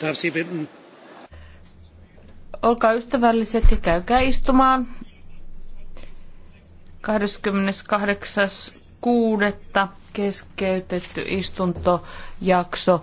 Darf Sie bitten? Olkaa ystävälliset ja käykää istumaan. 28.6. keskeytetty istuntojakso